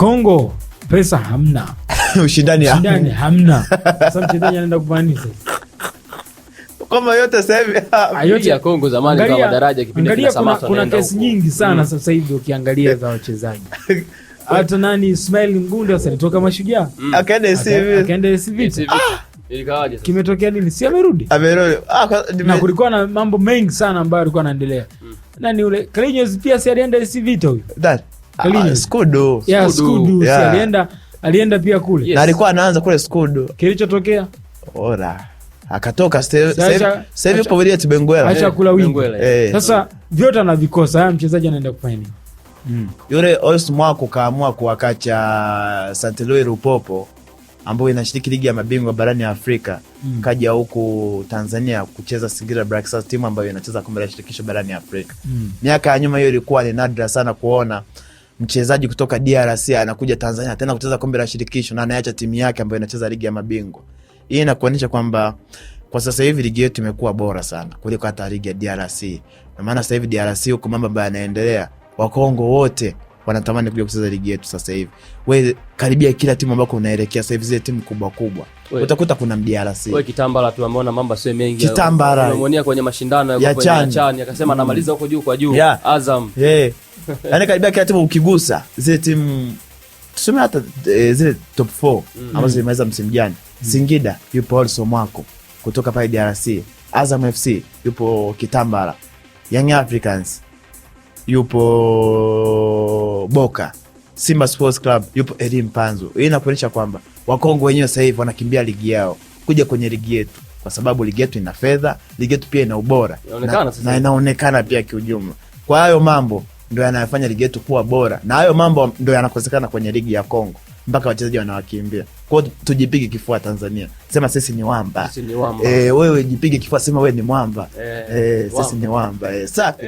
Kongo pesa hamna, ushindani hamna. Sasa mchezaji anaenda kupani sasa kama yote sasa hivi ah, ya Kongo zamani kwa madaraja kipindi kile Samatta, kuna kesi nyingi sana mm. sasa hivi ukiangalia za wachezaji hata nani Ismail Ngunda sasa alitoka Mashujaa mm. akaenda CV akaenda CV ah! ilikawaje? Kimetokea nini? Si amerudi, amerudi ah, na kulikuwa na mambo mengi sana ambayo alikuwa anaendelea mm. nani ule? Carius pia si alienda CV huyo Ah, alienda pia kule. Yes. Na alikuwa anaanza kule skudo Kilichotokea? Ora. Akatoka sehemu hivi vilia William Acha kula wingi. Eh. Sasa vyote anavikosa. Haya yaani mchezaji anaenda kufanya nini? Mm. Yule Os Mwako kaamua kuwakacha Saint Louis Lupopo ambayo inashiriki ligi ya mabingwa barani Afrika mm. Kaja huku Tanzania kucheza Singida Black timu ambayo inacheza kombe la shirikisho barani Afrika mm. Miaka ya nyuma hiyo ilikuwa ni nadra sana kuona mchezaji kutoka DRC anakuja Tanzania tena kucheza kombe la shirikisho na anaacha timu yake ambayo inacheza ligi ya mabingwa. Hii inakuonyesha kwamba kwa sasa hivi ligi yetu imekuwa bora sana kuliko hata ligi ya DRC. Na maana sasa hivi DRC huko mambo ambayo yanaendelea, Wakongo wote wanatamani kuja kucheza ligi yetu sasa hivi. We karibia kila timu ambako unaelekea sasa hivi, zile timu kubwa kubwa utakuta kuna DRC. We kitambara tumeona mambo sio mengi, kitambara tumeona kwenye mashindano ya CHAN akasema anamaliza huko juu kwa juu yeah, Azam. yeah. yani karibia kila timu ukigusa zile timu tuseme hata e, zile top 4 mm. ambazo zimeweza msimu jana mm. Singida yupo also Mwako kutoka pale DRC, Azam FC yupo kitambara Young Africans yupo Boka, Simba Sports Club yupo Elim Panzu. Hii inakuonyesha kwamba Wakongo wenyewe sasa hivi wanakimbia ligi yao kuja kwenye ligi yetu, kwa sababu ligi yetu ina fedha, ligi yetu pia ina ubora na, na inaonekana pia kiujumla. Kwa hayo mambo ndo yanayofanya ligi yetu kuwa bora, na hayo mambo ndo yanakosekana kwenye ligi ya Kongo mpaka wachezaji wanawakimbia. Kwao tujipige kifua Tanzania, sema sisi ni wamba, sisi ni wamba. E, wewe jipige kifua, sema wewe ni mwamba e, e, sisi wamba. ni wamba e, safi